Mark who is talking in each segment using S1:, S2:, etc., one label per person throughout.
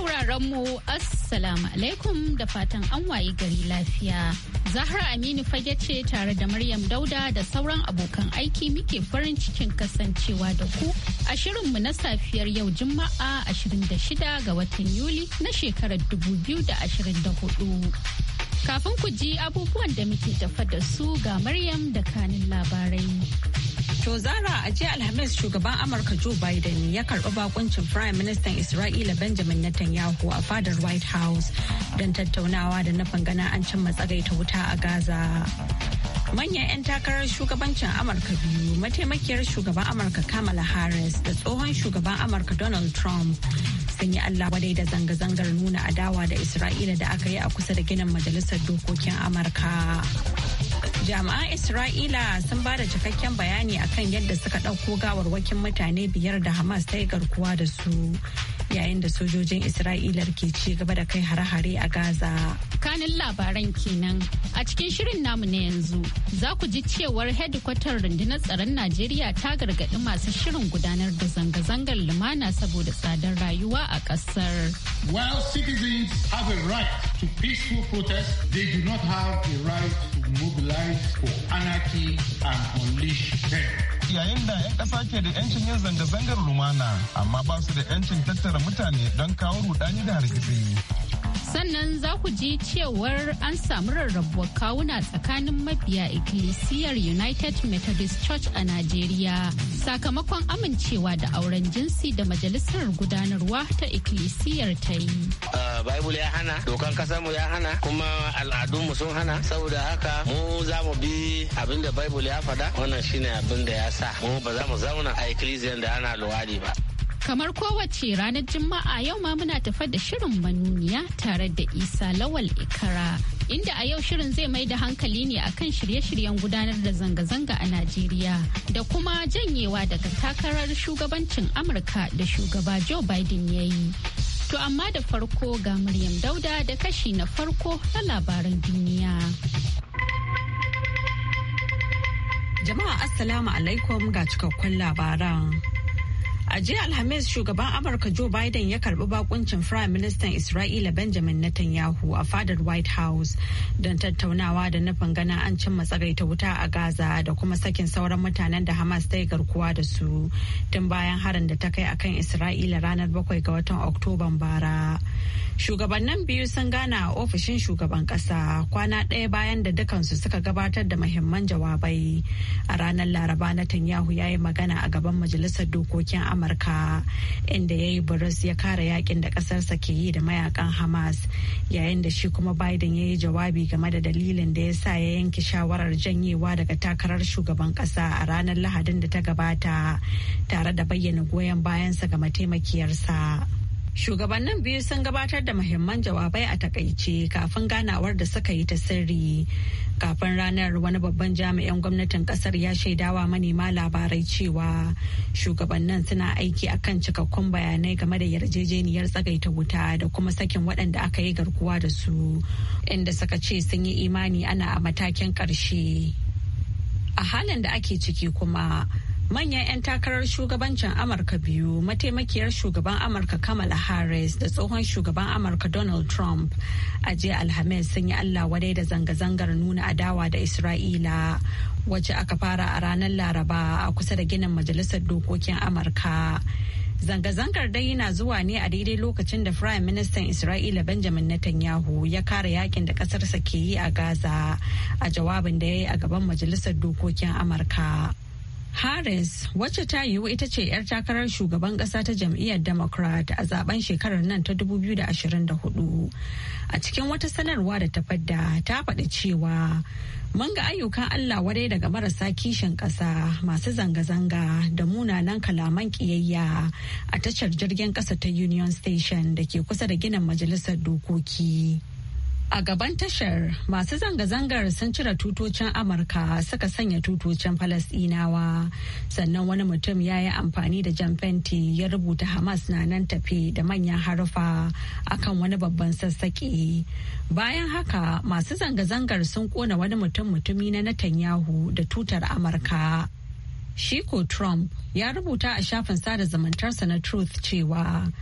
S1: sauraron mu assalamu alaikum da fatan an wayi gari lafiya. Zahra Aminu fage ce tare da Maryam Dauda da sauran abokan aiki muke farin cikin kasancewa da ku a shirinmu na safiyar yau Juma'a 26 ga watan Yuli na shekarar 2024. Kafin ku ji abubuwan da muke tafa da su ga Maryam da kanin labarai.
S2: To Zara a jiya Alhamis shugaban Amurka Joe Biden ya karɓi bakuncin Prime Minister Isra'ila Benjamin Netanyahu a fadar White House don tattaunawa da nufin gana an matsagai ta wuta a Gaza. Manyan 'yan takarar shugabancin Amurka biyu mataimakiyar shugaban Amurka Kamala Harris da tsohon shugaban Amurka Donald Trump sun yi Allah wadai da zanga-zangar nuna adawa da Isra'ila da aka yi a kusa da ginin Majalisar Dokokin Amurka. jami'an isra'ila sun ba da cikakken bayani akan yadda suka ɗauko gawarwakin mutane biyar da hamas ta yi garkuwa da su yayin da sojojin isra'ila ke ci gaba da kai hare-hare a gaza kanin labaran kenan a cikin shirin namu
S1: na yanzu za ku ji cewar hedikwatar rundunar tsaron najeriya ta gargaɗi masu shirin gudanar da zanga-zangar lumana saboda tsadar rayuwa a ƙasar
S3: while citizens have a right to peaceful protest they do not have a right to mobilize for anarchy and yayin da 'yan ƙasa ke da 'yancin yin zanga-zangar lumana amma ba su da 'yancin tattara mutane don kawo rudani da hargitsi
S1: sannan za ku ji cewar an samu rarrabuwar kawuna tsakanin mabiya ikkilisiyar united methodist church a najeriya sakamakon amincewa da auren jinsi da majalisar gudanarwa ta ikkilisiyar ta yi
S4: ah, bible ya hana dokan mu ya hana kuma al'adunmu sun hana saboda haka mu za mu bi abin bible ya faɗa wannan shine abin da ya sa mu ba za mu zauna a ikkilisiyar da ana luwadi ba
S1: Kamar kowace ranar Juma'a yau ma muna tafa da shirin manuniya tare da Isa Lawal Ikara. Inda a yau shirin zai mai da hankali ne akan shirye-shiryen gudanar da zanga-zanga a Najeriya da kuma janyewa daga takarar shugabancin Amurka da shugaba Joe Biden ya yi. To amma da farko
S2: ga Maryam Dauda da kashi na farko na labaran duniya. Jama'a Assalamu alaikum ga cikakkun labaran. A jiya Alhamis shugaban Amurka Joe Biden ya karbi bakuncin Prime Minister Isra'ila Benjamin Netanyahu a fadar White House don tattaunawa da nufin ganin an cimma ta wuta a Gaza da kuma sakin sauran mutanen da Hamas ta yi garkuwa da su tun bayan harin da ta kai akan Isra'ila ranar bakwai ga watan Oktoban bara. Shugabannin biyu sun gana a ofishin shugaban kasa kwana ɗaya bayan da dukansu suka gabatar da muhimman jawabai. A ranar Laraba Netanyahu ya yi magana a gaban Majalisar Dokokin Amurka. amurka inda ya yi burus ya kare yakin da kasarsa ke yi da mayakan hamas yayin da shi kuma biden ya yi jawabi game da dalilin da ya sa ya yanke shawarar janyewa daga takarar shugaban kasa a ranar lahadin da ta gabata tare da bayyana goyon bayansa ga mataimakiyarsa Shugabannin biyu sun gabatar da muhimman jawabai a takaice kafin ganawar da suka yi ta sirri. Kafin ranar wani babban jami'in gwamnatin kasar ya shaidawa manema labarai cewa shugabannin suna aiki akan cikakkun bayanai game da yarjejeniyar tsagaita wuta da kuma sakin waɗanda aka yi garkuwa da su inda suka ce sun yi imani ana a matakin ƙarshe. A halin da ake ciki kuma. manyan 'yan takarar shugabancin amurka biyu mataimakiyar shugaban amurka kamala harris da tsohon shugaban amurka donald trump a jiya alhamis sun yi allah wadai da zanga-zangar nuna adawa da isra'ila wacce aka fara a ranar laraba a kusa da ginin majalisar dokokin amurka zanga-zangar dai yana zuwa ne a daidai lokacin da firayim ministan isra'ila benjamin netanyahu ya kare yakin da kasarsa ke yi a gaza a jawabin da ya yi a gaban majalisar dokokin amurka Harris wacce ta yiwu ita ce 'yar takarar shugaban ƙasa ta jam'iyyar Democrat a zaben shekarar nan ta 2024. A cikin wata sanarwa da ta fadda ta faɗi cewa mun ga ayyukan Allah wadai daga marasa kishin ƙasa masu zanga-zanga da munanan kalaman ƙiyayya a tashar jirgin ƙasa ta Union Station da ke kusa da ginin majalisar dokoki. A gaban tashar masu zanga-zangar sun cire tutocin Amurka suka sanya tutocin Falasɗinawa. Sannan wani mutum ya yi amfani da jan fenti ya rubuta Hamas na nan tafe da manyan harufa akan wani babban sassaƙi. Bayan haka masu zanga-zangar sun ƙona wani mutum-mutumi na Netanyahu da tutar Amurka. Shiko Trump ya rubuta a shafin sada zumuntarsa na Truth cewa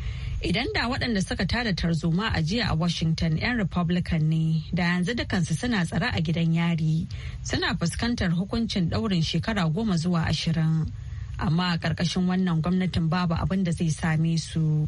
S2: Idan da waɗanda suka tada tarzoma a jiya a Washington 'yan Republican ne da yanzu dukansu suna tsare a gidan yari suna fuskantar hukuncin ɗaurin shekara goma zuwa ashirin. Amma a ƙarƙashin wannan gwamnatin babu abin da zai same su.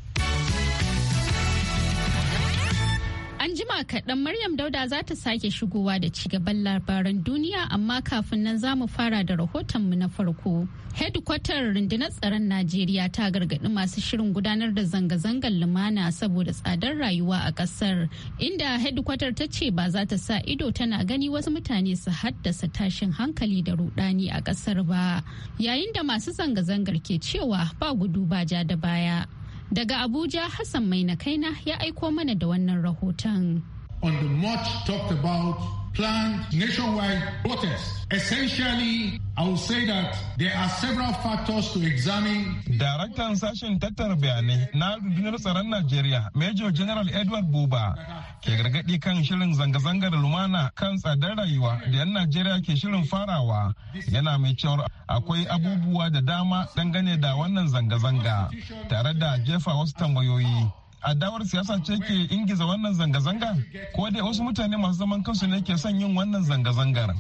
S1: kaɗan Maryam Dauda za ta sake shigowa da ci gaban labaran duniya amma kafin nan za mu fara da rahoton mu na farko. Hedkwatar rundunar tsaron Najeriya ta gargaɗi masu shirin gudanar da zanga-zangar lumana saboda tsadar rayuwa a ƙasar inda hedkwatar ta ce ba za ta sa ido tana gani wasu mutane su haddasa tashin hankali da rudani a ƙasar ba yayin da masu zanga-zangar ke cewa ba gudu ba ja da baya. Daga Abuja Hassan Mai na kaina ya aiko mana da
S3: wannan rahoton. On the much talked about planned nationwide protests. Essentially, I will say that there are several factors to examine. Daraktan sashen tattara bayanai na rundunar tsaron Najeriya, Major General Edward Buba, ke gargaɗi kan shirin zanga-zangar lumana kan tsadar rayuwa da 'yan Najeriya ke shirin farawa. Yana mai cewar akwai abubuwa da dama dangane da wannan zanga-zanga, tare da jefa wasu tambayoyi. adawar siyasa ce ke ingiza wannan zanga-zanga ko dai wasu mutane masu zaman kansu ne ke son yin wannan zanga-zangar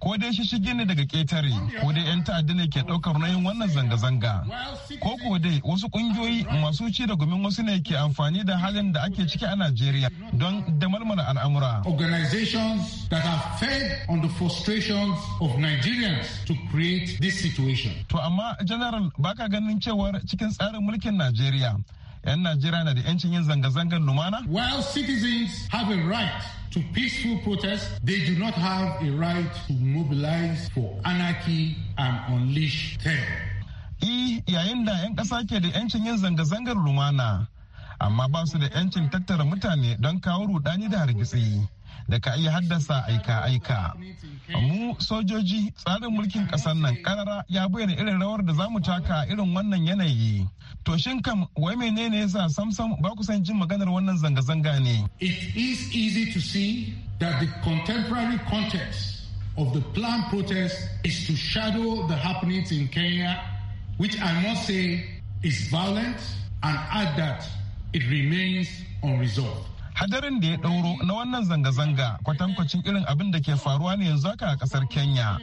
S3: ko dai shishigi ne daga ketare ko dai 'yan ta'adda ne ke daukar nauyin wannan zanga-zanga ko ko dai wasu kungiyoyi masu ci da gumin wasu ne ke amfani da halin da ake ciki a Najeriya don damalmala al'amura. Organizations that are fed on the frustrations of Nigerians to create this situation. To amma General baka ganin cewar cikin tsarin mulkin Najeriya 'yan Najeriya na da 'yancin yin zanga-zangar lumana? While citizens have a right to peaceful protest, they do not have a right to mobilize for anarchy and unleash terror. I yayin da 'yan ƙasa ke da 'yancin yin zanga-zangar lumana, amma ba su da 'yancin tattara mutane don kawo rudani da hargitsi. da ka iya haddasa aika-aika. Mu sojoji tsarin mulkin ƙasar nan karara ya bayyana irin rawar da za mu taka irin wannan yanayi. To shin kam wai menene yasa samsam ba ku san jin maganar wannan zanga-zanga ne? It is easy to see that the contemporary context of the planned protest is to shadow the happenings in Kenya, which I must say is violent and add that it remains unresolved. hadarin da ya ɗauro na wannan zanga-zanga kwatankwacin irin abin da ke faruwa ne yanzu haka a ƙasar kenya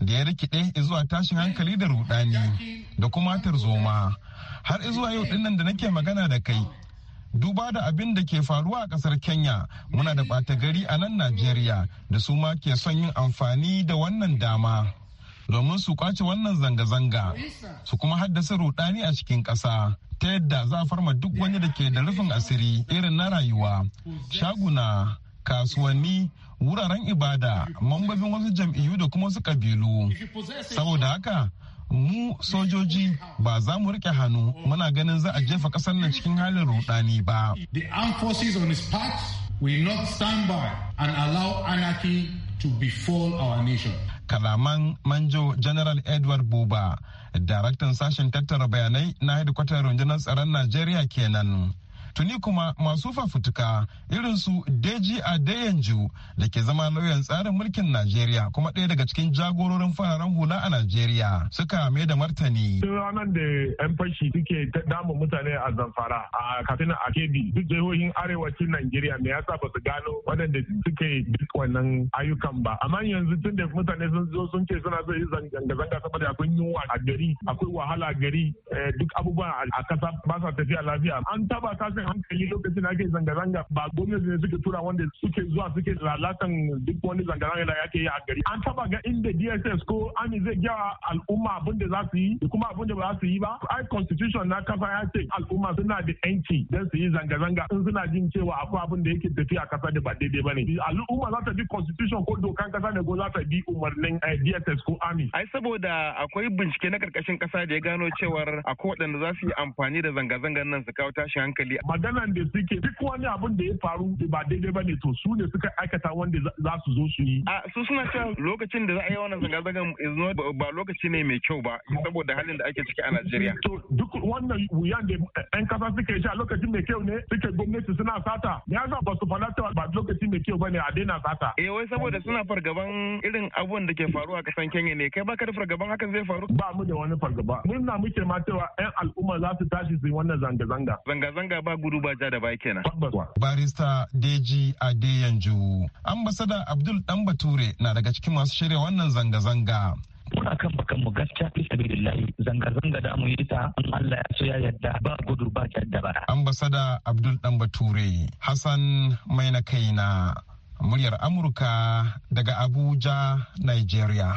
S3: da ya rikide zuwa tashin hankali da rudani da kuma tarzoma har zuwa yau dinnan da nake magana da kai duba da abin da ke faruwa a ƙasar kenya muna da ɓata gari a nan najeriya da su ma ke son yin amfani da wannan dama domin su kwace wannan zanga-zanga su kuma haddasa rudani a cikin ƙasa ta yadda za a farma duk wani da ke da rufin asiri irin na rayuwa shaguna kasuwanni wuraren ibada mambobin wasu jam'iyyu da kuma wasu kabilu saboda haka mu sojoji ba za mu rike hannu muna ganin za a jefa ƙasar nan cikin halin rudani ba the not stand by and allow anarchy to befall our nation kalaman manjo general edward buba daraktan sashen tattara bayanai na hedikwatar rundunar tsaron najeriya kenan tuni kuma masu fafutuka irin su deji adeyanju da ke zama lauyan tsarin mulkin najeriya kuma ɗaya daga cikin jagororin fararen hula a najeriya suka mai da martani
S5: ranar da yan fashi suke damun mutane a zamfara a katsina a duk jihohin arewacin najeriya me yasa ba su gano waɗanda suke duk wannan ayyukan ba amma yanzu tun da mutane sun zo sun ce suna so yi zanga-zanga saboda akwai yunwa a gari akwai wahala gari eh, duk abubuwa a kasa ba sa tafiya lafiya an taba tashin tashin hankali lokacin ake zanga-zanga ba gwamnati ne suke tura wanda suke zuwa suke lalatan duk wani zanga-zanga da ake yi a gari an taba ga inda dss ko ami zai gya al'umma abin da za su yi da kuma abin da ba za su yi ba ai constitution na kafa ya ce al'umma suna da yanci don su yi zanga-zanga in suna jin cewa akwai abin da yake tafiya a kasa da ba daidai ba ne al'umma za ta bi constitution ko dokan kasa ne ko za ta bi umarnin eh, dss ko ami
S3: ai saboda akwai bincike na karkashin kasa da ya gano cewar akwai waɗanda za su yi amfani da zanga-zangar nan su kawo tashin hankali
S5: maganan da suke duk wani abun da ya faru da ba daidai ba ne to su ne suka aikata wanda za su zo su yi.
S3: A su suna cewa lokacin da za a yi wannan zanga-zangan ba lokaci ne mai kyau ba saboda halin da ake ciki a Najeriya.
S5: To duk wannan wuyan da 'yan kasa suke sha lokacin mai kyau ne suke gwamnati suna sata. Ya yasa ba su faɗa ba lokaci mai kyau ba ne a daina sata. Eh wai saboda suna
S3: fargaban irin
S5: abubuwan da ke faruwa a kasan Kenya ne kai baka da fargaban hakan zai faru. Ba mu da wani fargaba. na muke ma cewa 'yan al'umma za su tashi su yi wannan zanga-zanga. Zanga-zanga ba gudu ba ja da ba kenan.
S3: Barista Deji Adeyanju. Ambasada Abdul Dan Bature na daga cikin masu shirya wannan zanga-zanga. muna kan bakan mu gaskiya fi zanga zanga da mu yi ta
S6: an Allah ya so ya yadda ba gudu ba da ba
S3: ambasada Abdul Dan Bature Hassan mai na kai na muryar Amurka daga Abuja Nigeria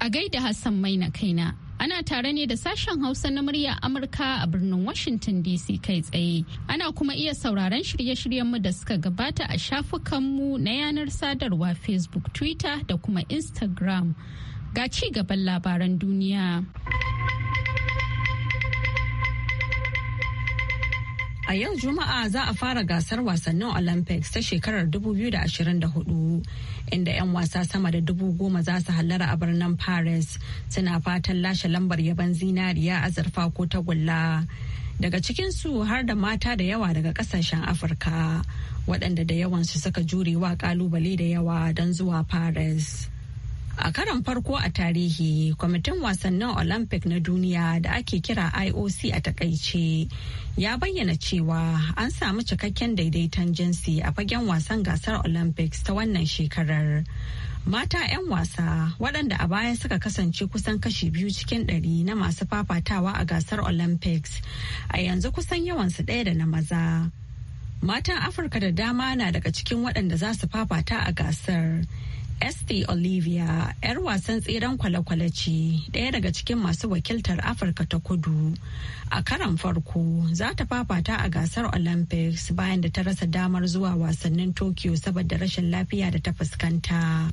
S1: A gaida Hassan mai na kaina. Ana tare ne da sashen Hausa na murya Amurka a birnin Washington DC kai tsaye. Ana kuma iya sauraron shirye-shiryenmu da suka gabata a shafukanmu na yanar sadarwa Facebook, Twitter da kuma Instagram.
S2: Ga ci gaban labaran duniya. A yau Juma'a za a fara gasar wasannin Olympics ta shekarar 2024 inda 'yan wasa sama da dubu goma za su hallara a birnin Paris suna fatan lashe lambar yaban zinariya azurfa ko tagulla. Daga cikinsu har da mata da yawa daga kasashen Afirka waɗanda da yawan su suka jurewa ƙalubale da yawa don zuwa Paris. A karan farko a tarihi, kwamitin wasannin Olympic na duniya da ake kira IOC a takaice ya bayyana cewa an samu cikakken daidaiton jinsi a fagen wasan gasar Olympics ta wannan shekarar. Mata 'yan wasa waɗanda a baya suka kasance kusan kashi biyu cikin ɗari na masu fafatawa a gasar Olympics a yanzu kusan yawansu ɗaya da na maza. Matan Afirka da dama na daga cikin waɗanda za su fafata a gasar. Esti Olivia, 'yar wasan tseren kwale-kwale ce, ɗaya daga cikin masu wakiltar Afirka ta kudu. A karan farko, za ta fafata a gasar Olympics bayan da ta rasa damar zuwa wasannin Tokyo saboda rashin lafiya da ta fuskanta.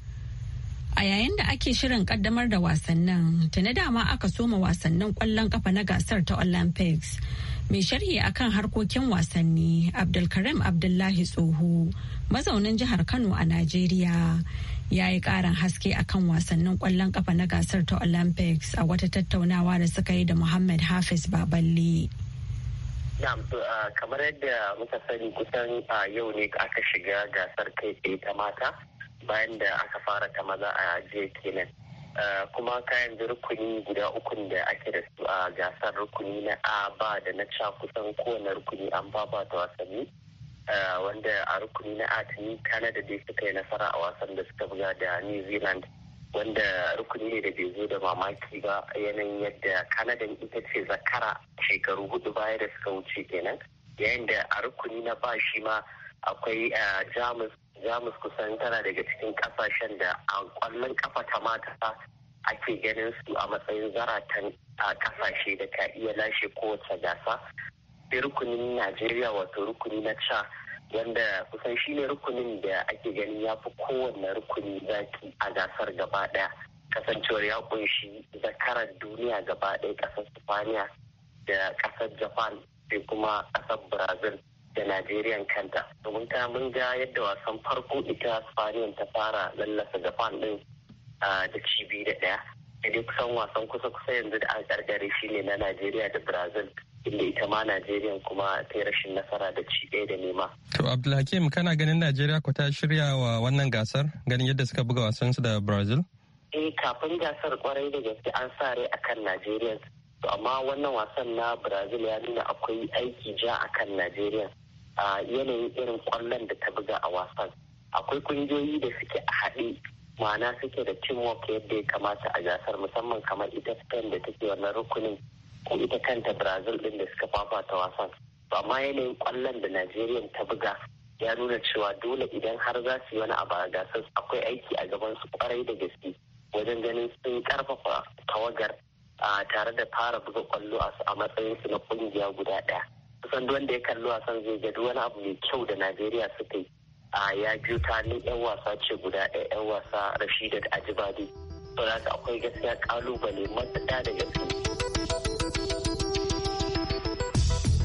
S2: A yayin da ake shirin kaddamar da wasannin, tuni dama aka soma wasannin kwallon kafa na gasar ta Olympics. Mai sharhi a kan harkokin wasanni, Abdulkarim Abdullahi Tsoho, mazaunin jihar Kano a Najeriya, ya yi karin haske kan wasannin kwallon kafa na gasar ta olympics a wata tattaunawa da suka yi da muhammad hafiz baballe
S7: kamar yadda muka sani kusan yau ne aka shiga gasar kai tsaye ta mata bayan da aka fara ta maza a jiya kenan kuma kayan rukuni guda uku da ake da su a gasar rukuni na a ba da na ca kusan kowane rukuni an babata wasanni Eh, wanda a rukuni na atani canada dai suka yi nasara a wasan da suka buga da new zealand wanda rukuni ne da bai zo da mamaki ba yanayin yadda canada ita ce zakara shekaru hudu baya da suka wuce kenan yayin da a rukuni na ba shi ma akwai eh, jamus jamus kusan tana daga cikin kasashen da a kwallon kafa ta mata ake ganin su a matsayin zaratan kasashe da ka iya lashe kowace gasa sai rukunin najeriya wato rukuni na sha wanda kusan shi ne rukunin da ake ganin ya fi kowanne rukuni zaki a gasar gaba daya kasancewar ya kunshi zakarar duniya gaba daya kasar spaniya da kasar japan sai kuma kasar brazil da najeriya kanta domin ta mun ga yadda wasan farko ita spaniya ta fara lallasa japan din da cibi da daya Idan kusan wasan kusa-kusa yanzu da an gargare ne na najeriya da brazil inda ita ma Najeriya kuma ta rashin nasara da ci ɗaya da nema.
S8: To Abdulhakim kana ganin Najeriya ko ta shirya wa wannan gasar ganin yadda suka buga wasansu da Brazil?
S7: Eh kafin gasar kwarai da gaske an sa rai akan Najeriya. To amma wannan wasan na Brazil ya nuna akwai aiki ja akan Najeriya. A yanayin irin kwallon da ta buga a wasan. Akwai kungiyoyi da suke a haɗe ma'ana suke da teamwork yadda ya kamata a gasar musamman kamar ita Spain da take wannan rukunin ko ita kanta brazil din da suka fafata wasan Ba ma yanayin kwallon da najeriya ta buga ya nuna cewa dole idan har za su yi wani a gasar akwai aiki a gaban su kwarai da gaske wajen ganin sun karfafa tawagar tare da fara buga kwallo a matsayin su na kungiya guda daya kusan wanda ya kalli wasan zai ga wani abu mai kyau da najeriya suka yi ya biyu ta ni yan wasa ce guda ɗaya, yan wasa rashidat ajibadi saboda akwai gaskiya kalubale matuƙa da gaske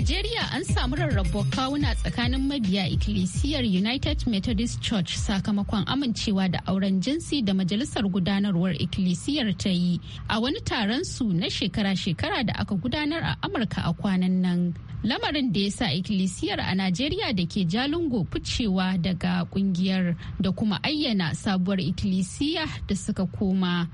S1: Najeriya an samu rarrabuwar kawuna tsakanin mabiya ikkilisiyar United Methodist Church sakamakon amincewa da auren jinsi da majalisar gudanarwar ikkilisiyar ta yi a wani taron su na shekara-shekara da aka gudanar a Amurka a kwanan nan. Lamarin da ya sa ikkilisiyar a Najeriya da ke jalungo ficewa daga kungiyar da kuma ayyana sabuwar ikkilisiya da suka koma.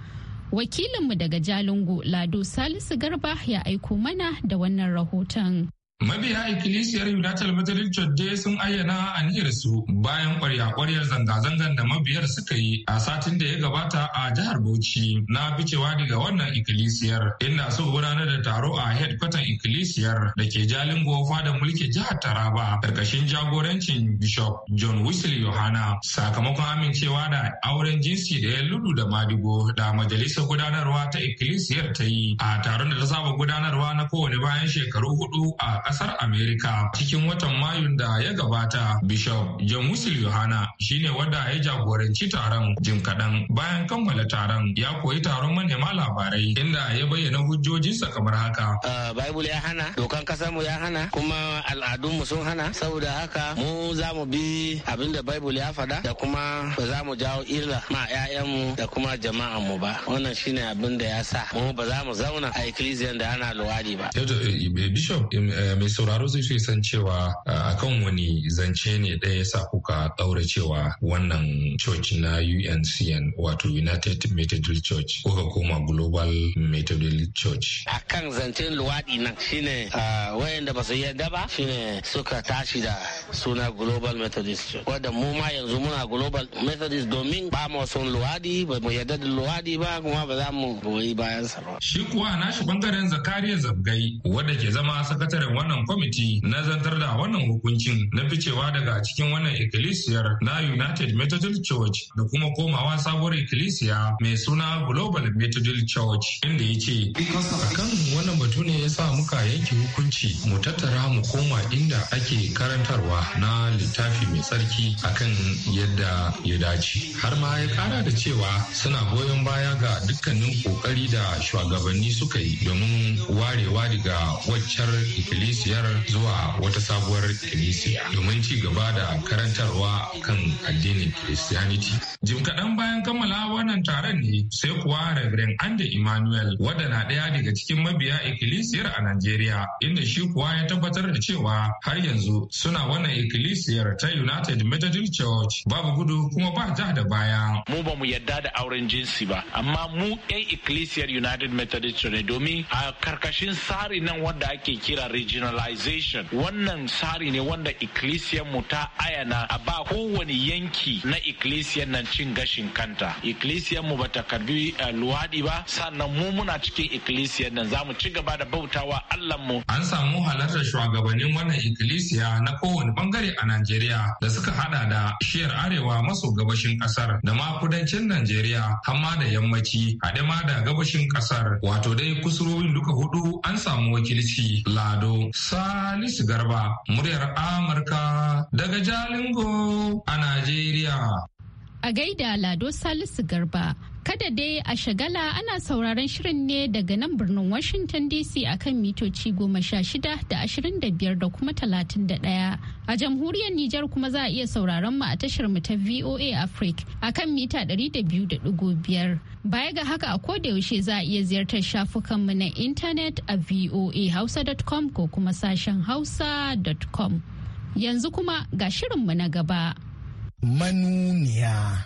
S1: wakilinmu daga jalingo lado salisu garba ya aiko mana da wannan rahoton
S8: Mabiya ikkilisiyar United Methodist Church dai sun ayyana aniyar su bayan kwarya-kwaryar zanga-zangar da mabiyar suka yi a satin da ya gabata a jihar Bauchi na ficewa daga wannan ikkilisiyar inda su gudanar da taro a headquarter ikkilisiyar da ke Jalin Gofa da mulki jihar Taraba karkashin jagorancin Bishop John Wesley Yohana sakamakon amincewa da auren jinsi da ya ludu da madigo da majalisar gudanarwa ta ikkilisiyar ta yi a taron da ta saba gudanarwa na kowane bayan shekaru hudu a kasar Amerika cikin watan Mayun da ya gabata. Bishop Jamusil Yohana shine wanda ya jagoranci taron jim kaɗan bayan kammala taron ya koyi taron manema labarai inda ya bayyana hujjojinsa kamar haka. Ah, Bible ya hana,
S4: dokan kasarmu ya hana, kuma al'adunmu sun hana, saboda haka mu za mu bi abin da Bible ya faɗa da kuma ba za mu jawo illa ma 'ya'yanmu da kuma mu ba. Wannan shine abin da ya sa mu ba za mu zauna a ecclesia da ana luwadi ba. Eh,
S8: eh, Bishop eh, mai sauraro zai san cewa a akan wani zance ne ɗaya sa kuka ɗaura cewa wannan church na UNCN wato United Methodist Church kuka koma Global Methodist Church.
S4: A Akan zancen luwaɗi nan shine wayanda ba su yarda ba shine suka tashi da suna Global Methodist Church. Wadda mu ma yanzu muna Global Methodist domin ba mu son luwaɗi ba mu yarda da luwaɗi ba kuma ba za mu goyi bayan sa ba. Shi
S8: kuwa nashi bangaren Zakariya Zabgai wadda ke zama sakataren wannan kwamiti na zantar da wannan hukuncin na ficewa daga cikin wannan ikkilisiyar na United Methodist Church da kuma komawa sabuwar ikkilisiya mai suna Global Methodist Church inda ya ce. Akan wannan batu ne ya sa muka yanke hukunci mu tattara mu koma inda ake karantarwa na littafi mai tsarki a kan yadda ya dace. Har ma ya kara da cewa suna goyon baya ga dukkanin kokari da shugabanni suka yi domin warewa daga waccar ikkilisiyar kilisiyar zuwa wata sabuwar kilisiya domin ci gaba da karantarwa kan addinin Christianity. Jim kaɗan bayan kammala wannan taron ne sai kuwa Reverend ande Emmanuel wadda na ɗaya daga cikin mabiya ikilisiyar a Najeriya inda shi kuwa ya tabbatar da cewa har yanzu suna wannan ikilisiyar ta United Methodist Church babu gudu kuma ba ja da baya.
S6: Mu ba mu yadda da auren jinsi ba amma mu 'yan ikilisiyar United Methodist ne domin a karkashin tsari nan wanda ake kira regional regionalization wannan tsari ne wanda ikkilisiyar mu ta ayana a ba kowane yanki na ikkilisiyar nan cin gashin kanta ikkilisiyar mu bata karbi eh, luwaɗi ba sannan mu muna cikin ikkilisiyar nan zamu ci gaba da bautawa
S8: Allah mu an samu halartar shugabannin wannan ikkilisiya na kowane bangare a Najeriya da suka hada da shiyar arewa maso gabashin kasar da ma kudancin Najeriya hamma da yammaci hade ma da gabashin kasar wato dai kusurowin duka hudu an samu wakilci lado Salisu Garba, muryar Amurka daga Jalingo a Najeriya.
S1: A gaida Lado Salisu Garba, Kada dai a shagala ana sauraron shirin ne daga nan birnin Washington DC akan mitoci goma sha shida da ashirin da biyar da kuma talatin da ɗaya. A jamhuriyar Nijar kuma za a iya sauraron mu a tashar mu ta VOA Africa akan mita ɗari da biyu da ɗigo biyar. Baya ga haka a koda yaushe za a iya ziyartar shafukan mu na intanet a voahausa.com ko kuma sashen hausa.com. Yanzu kuma ga shirin mu na gaba. Manuniya.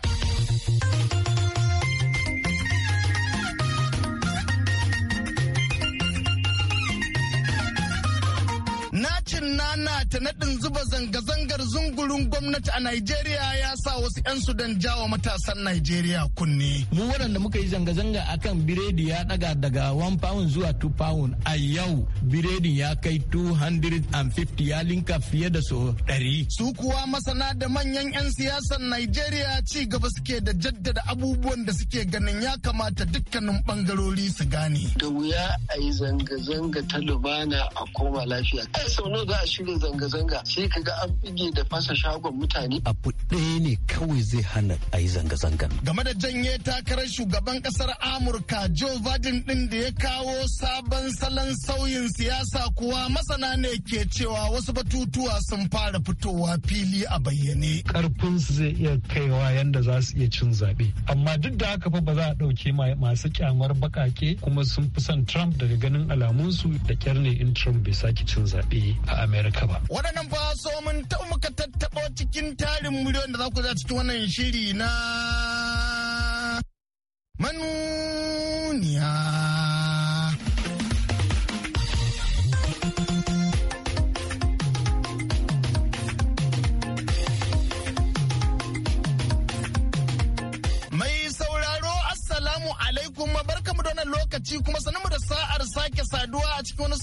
S9: Nacin nana ta naɗin zuba zanga-zangar zungurin gwamnati a
S6: Najeriya ya sa wasu 'yan Sudan jawo matasan Najeriya kunne. Mu waɗanda muka yi zanga-zanga a kan biredi ya ɗaga daga 1 pound zuwa 2 pound a yau biredin ya kai 250 ya linka fiye da so 100. Su kuwa masana da manyan
S9: 'yan siyasar Najeriya ci gaba suke da jaddada abubuwan da suke ganin ya kamata
S10: dukkanin bangarori su gane. Da wuya a yi zanga-zanga ta lubana a koma lafiya. sau nawa za a shirya zanga-zanga sai ka ga an bige da fasa shagon mutane. Abu
S11: ɗaya ne kawai zai hana a yi zanga-zangan.
S9: Game da janye takarar shugaban ƙasar Amurka Joe Biden ɗin da ya kawo sabon salon sauyin siyasa kuwa masana ne ke cewa wasu batutuwa sun fara fitowa fili a bayyane.
S12: Karfinsu zai iya kaiwa yanda za su iya cin zaɓe. Amma duk da haka fa ba za a ɗauke masu kyamar baƙaƙe kuma sun fi son Trump daga ganin alamunsu da kyar ne in Trump bai sake cin zaɓe. yi a amerika ba
S9: waɗannan fa so mun muka tattaɓa cikin tarin miliyon da za ku za cikin wannan shiri na manuniya lokaci kuma sanin mu da sa'ar sake saduwa a cikin wani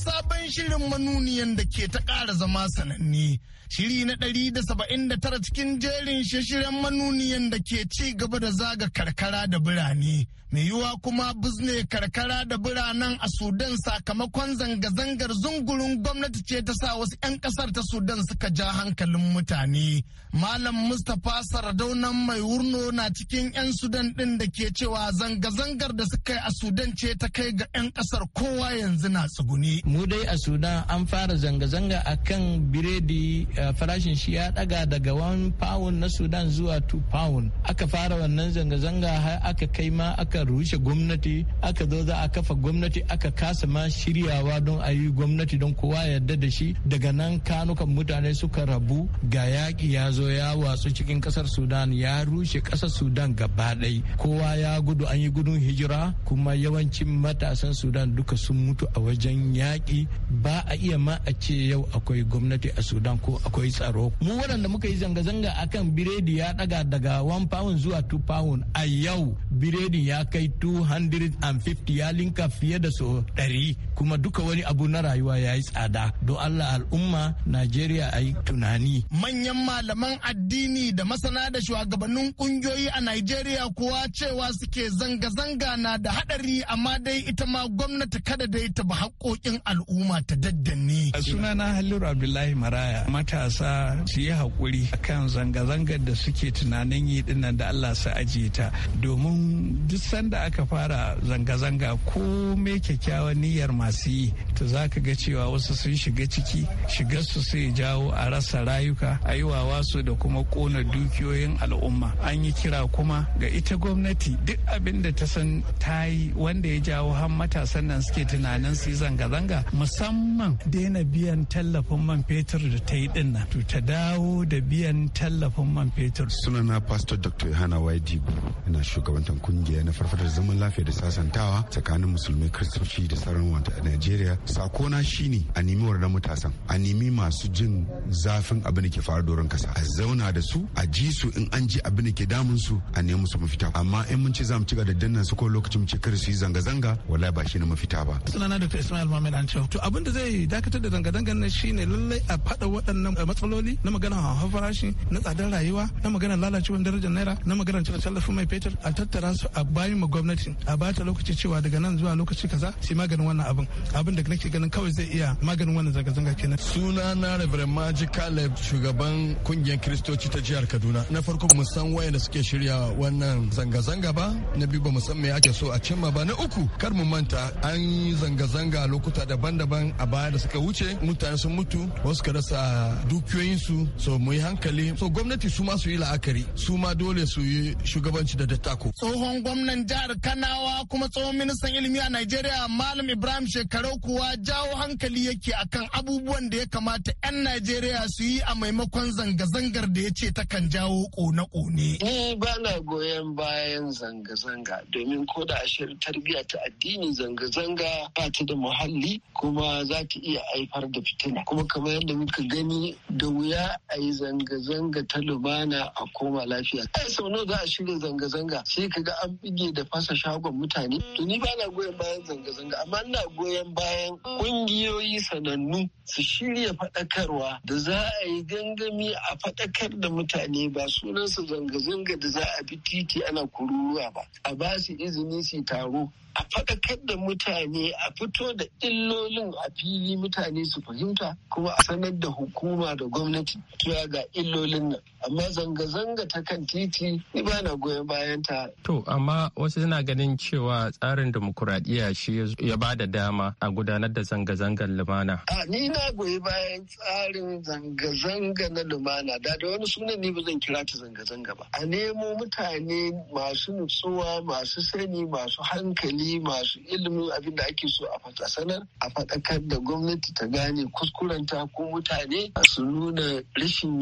S9: shirin manuniyan da ke ta ƙara zama sananne shiri na ɗari da saba'in da tara cikin jerin shirye manuniyan da ke ci gaba da zaga karkara da birane mai yiwuwa kuma buzne karkara da biranen a sudan sakamakon zanga-zangar zungurin gwamnati ce ta sa wasu 'yan kasar ta sudan suka ja hankalin mutane malam mustapha saradaunan mai wurno na cikin 'yan sudan ɗin da ke cewa zanga-zangar da
S6: suka yi a sudan ce ta kai ga 'yan kasar kowa yanzu na tsuguni mu dai a sudan an fara zanga-zanga akan biredi uh, farashin shi ya daga daga 1 pound na sudan zuwa 2 pound aka fara wannan zanga-zanga har aka kai ma aka rushe gwamnati aka zo za a kafa gwamnati aka kasa ma shiryawa don a yi gwamnati don kowa yadda da shi daga nan kanukan mutane suka rabu ga yaƙi ya zo ya watsu cikin ƙasar sudan ya rushe ƙasar sudan gaba ɗai kowa ya gudu an yi gudun hijira kuma yawancin matasan sudan duka sun mutu a wajen yaƙi ba a iya ma a ce yau akwai gwamnati a sudan ko akwai akwai tsaro mu waɗanda muka yi zanga-zanga akan biredi ya ɗaga daga 1 pound zuwa 2 pound a yau biredin ya kai 250 ya linka fiye da so 100 kuma duka wani abu na rayuwa ya yi tsada don allah al'umma najeriya a yi tunani manyan malaman addini da
S9: masana da shugabannin kungiyoyi a najeriya kuwa cewa suke zanga-zanga na da hadari amma dai ita ma gwamnati kada dai ta ba haƙoƙin al'umma ta daddanne
S6: sunana Halilu abdullahi maraya mata matasa su yi haƙuri kan zanga-zangar da suke tunanin yi dinnan da Allah su ajiye ta domin duk sanda aka fara zanga-zanga ko me kyakkyawan niyyar masu yi to za ka ga cewa wasu sun shiga ciki shiga su sai jawo a rasa rayuka a yi wawa su da kuma kona dukiyoyin al'umma an yi kira kuma ga ita gwamnati duk abin da ta san ta yi wanda ya jawo har matasan nan suke tunanin su yi zanga-zanga musamman daina biyan tallafin man fetur da ta yi din nan to ta dawo da biyan tallafin man fetur
S3: sunana pastor dr hana waidibu yana shugabantar kungiya na farfadar zaman lafiya da sasantawa tsakanin musulmi kristoci da sauran wata a najeriya sakona shine a nemi na matasan a nemi masu jin zafin abin da ke faru doron kasa a zauna da su a ji su in an ji abin da ke damun su a nemi su mafita amma in mun ci za mu ci da dannan su ko lokacin mu ce kar su yi zanga-zanga wallahi ba shi ne mafita ba
S6: sunana dr ismail mohammed ancho to abin da zai dakatar da zanga-zangan nan shine lallai a fada waɗannan matsaloli na maganar hauhawar farashi na tsadar rayuwa na maganar lalacewar darajar naira na maganar cire tallafin mai fetur a tattara su a bayan ma gwamnati a bata lokaci cewa daga nan zuwa lokaci kaza sai maganin wannan abin abin da nake ganin kawai zai iya maganin wannan zanga-zanga kenan. suna na reverend maji caleb shugaban kungiyar kiristoci ta jihar kaduna na farko mu san waye da suke shirya wannan zanga-zanga ba na biyu ba mu san me ake so a cimma ba na uku kar mu manta an yi zanga-zanga lokuta daban-daban a baya da suka wuce mutane sun mutu wasu ka rasa dukiyoyinsu so mu yi hankali so gwamnati su ma su yi la'akari su ma dole su yi shugabanci da dattako.
S9: tsohon gwamnan jihar kanawa kuma tsohon ministan ilimi a najeriya malam ibrahim shekarau kuwa jawo hankali yake akan abubuwan da ya kamata 'yan najeriya su yi a maimakon zanga-zangar da ya ce ta kan jawo
S10: kone-kone. ni ba na goyon bayan zanga-zanga domin ko da ashir tarbiyya ta addini zanga-zanga ba ta da muhalli kuma za ta iya haifar da fitina kuma kamar yadda muka gani da wuya a yi zanga-zanga ta lumana a koma lafiya. Ai sau nawa za a shirya zanga-zanga sai ka ga an bige da fasa shagon mutane. To ni ba na goyon bayan zanga-zanga amma ina goyon bayan ƙungiyoyi sanannu su shirya faɗakarwa da za a yi gangami a faɗakar da mutane ba sunansa zanga-zanga da za a bi titi ana kururuwa ba. A ba su izini su taro a faɗakar da mutane a fito da illolin a fili mutane su fahimta kuma a sanar da hukuma da gwamnati cewa ga illolin nan amma zanga-zanga ta kan titi ni ba na goyon bayan ta.
S8: To amma wasu suna ganin cewa tsarin demokuraɗiyya shi ya ba da dama a gudanar da zanga-zangar lumana.
S10: A ni na goyi bayan tsarin zanga-zanga na lumana da da wani sunan ni ba zan kira ta zanga-zanga ba. A nemo mutane masu nutsuwa masu sani masu hankali yi masu ilimin abin da ake so a sanar a faɗakar da gwamnati ta gane kuskurenta ko mutane su nuna rashin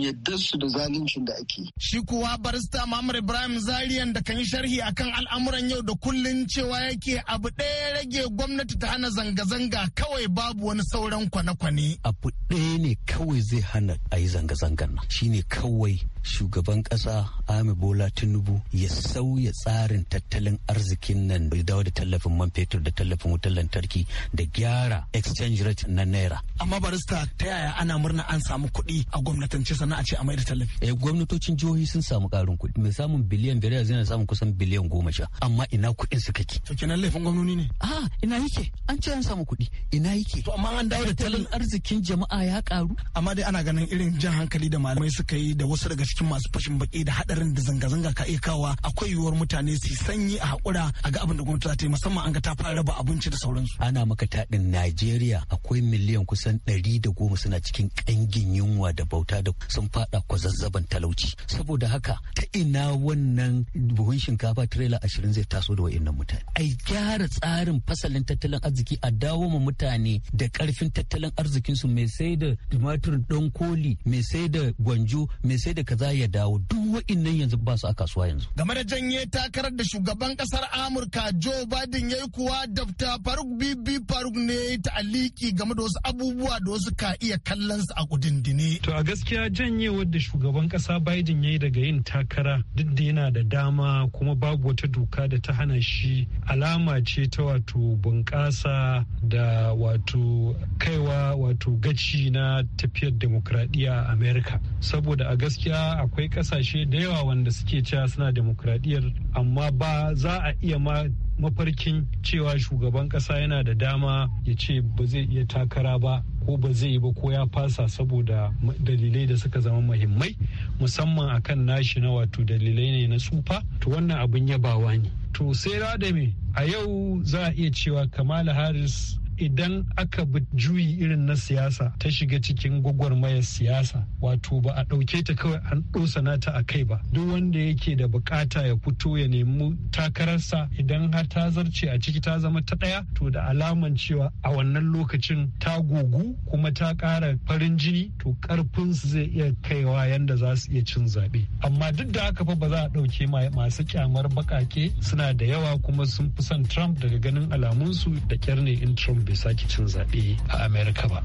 S10: su da zaluncin da ake. Shi
S9: kuwa barista Mamar Ibrahim Zariyan da kan yi sharhi akan al'amuran yau da kullun cewa yake abu ɗaya rage gwamnati ta hana zanga-zanga kawai babu wani sauran kwane-kwane.
S11: Abu ɗaya ne kawai zai hana a yi zanga-zangar nan shine kawai shugaban ƙasa Ahmed Bola Tinubu ya sauya tsarin tattalin arzikin nan bai dawo da tallafi. tallafin man fetur da tallafin wutar lantarki da gyara exchange rate na naira amma barista ta yaya ana murna an samu kuɗi a gwamnatance sannan a ce a mai da tallafi eh gwamnatocin jihohi sun samu ƙarin kuɗi mai samun biliyan biyar yanzu yana samun kusan biliyan goma sha amma ina kuɗin su kake? to kenan laifin gwamnoni ne a ah, ina yake an ce an samu kuɗi ina yake to amma an dawo da tattalin arzikin jama'a ya karu
S9: amma dai ana ganin irin jan hankali da malamai suka yi da wasu daga cikin masu fashin baki da hadarin da zanga-zanga ka iya kawa akwai yiwuwar mutane su sanyi a hakura a ga abin da gwamnati za ta yi masa
S11: musamman an ga ta fara raba abinci da sauransu ana maka taɗin najeriya akwai miliyan kusan ɗari da goma suna cikin ƙangin yunwa da bauta da sun faɗa kwazazzaban talauci saboda haka ta ina wannan buhun shinkafa tirela ashirin zai taso da wa'innan mutane ai gyara tsarin fasalin tattalin arziki a dawo ma mutane da ƙarfin tattalin arzikinsu mai sai da tumatir ɗan koli mai sai da gwanjo mai sai da kaza ya dawo duk wa'innan yanzu ba su a kasuwa yanzu
S9: game da janye takarar da shugaban ƙasar amurka joe jihadin yayi kuwa dafta faruk bibi faruk ne ta aliki game da wasu abubuwa da wasu ka iya kallon su
S12: a kudindine to a gaskiya janyewar da shugaban kasa biden yayi daga yin takara duk da yana da dama kuma babu wata doka da ta hana shi alama ce ta wato bunƙasa da wato kaiwa wato gaci na tafiyar demokradiyya a america saboda a gaskiya akwai kasashe da yawa wanda suke cewa suna demokradiyyar amma ba za a iya ma mafarkin cewa shugaban kasa yana da dama ya ce ba zai iya takara ba ko ba zai yi ba ko ya fasa saboda dalilai da suka zama mahimmai musamman akan nashi na wato dalilai ne na tsufa to wannan abin yabawa ne to sai da me a yau za a iya cewa kamala harris idan aka bi juyi irin na siyasa ta shiga cikin gwagwarmayar siyasa wato ba a ɗauke ta kawai an ɗosana nata a kai ba duk wanda yake da bukata ya fito ya nemi takararsa idan har ta zarce a ciki ta zama ta ɗaya to da alaman cewa a wannan lokacin ta gugu kuma ta ƙara farin jini to ƙarfin su zai iya kaiwa yanda za su iya cin zaɓe amma duk da haka fa ba za a ɗauke masu kyamar baƙaƙe suna da yawa kuma sun fi son trump daga ganin alamunsu da kyar ne in trump bai sake cin zaɓe a amerika ba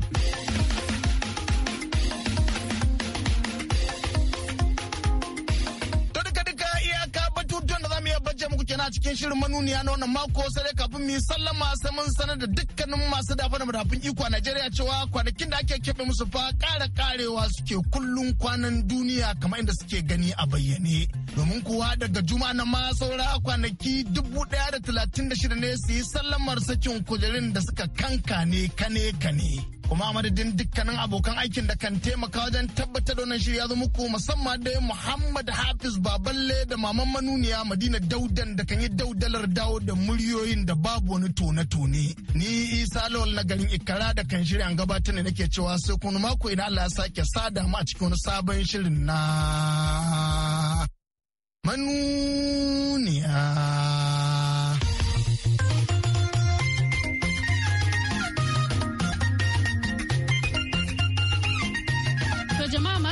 S9: kenan cikin shirin manuniya na wannan mako sai dai kafin mu yi sallama sai mun sanar da dukkanin masu dafa da madafin iko a Najeriya cewa kwanakin da ake kebe musu fa ƙara ƙarewa suke kullun kwanan duniya kamar inda suke gani a bayyane. domin kuwa daga juma na ma saura kwanaki dubu daya da talatin da shida ne su yi sallamar sakin kujerun da suka kankane kane kane kuma madadin dukkanin abokan aikin da kan taimaka wajen tabbatar da wannan shirya zo muku musamman da Muhammad Hafiz Baballe da Maman Manuniya Madina Daudan da kan yi daudalar dawo da muryoyin da babu wani tone-tone. Ni Isa Lawal na garin Ikara da kan shirya gabatar ne nake cewa sai kuma mako idan Allah ya sake sada mu a cikin wani sabon shirin na manuniya.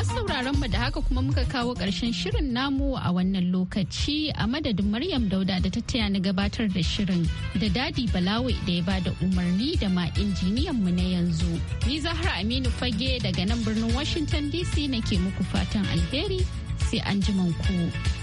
S1: sauraron mu da haka kuma muka kawo ƙarshen shirin namu a wannan lokaci a madadin Maryam Dauda da ta taya ni gabatar da shirin da Dadi Balawai da ya bada umarni da ma injiniyan mu na yanzu. Ni Zahra Aminu Fage daga nan birnin Washington DC nake muku fatan alheri sai an ku.